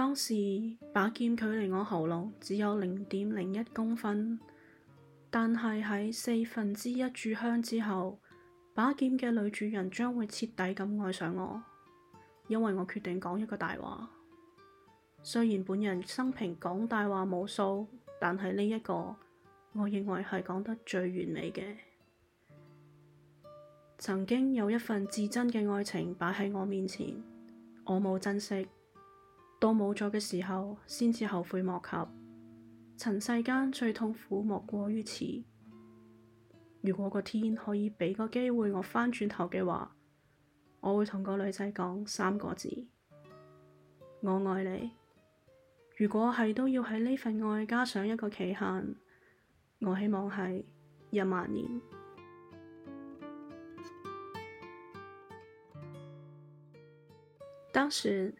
當時把劍距離我喉嚨只有零點零一公分，但係喺四分之一炷香之後，把劍嘅女主人將會徹底咁愛上我，因為我決定講一個大話。雖然本人生平講大話無數，但係呢一個我認為係講得最完美嘅。曾經有一份至真嘅愛情擺喺我面前，我冇珍惜。到冇咗嘅時候，先至後悔莫及。塵世間最痛苦莫過於此。如果個天可以畀個機會我返轉頭嘅話，我會同個女仔講三個字：我愛你。如果係都要喺呢份愛加上一個期限，我希望係一萬年。當時。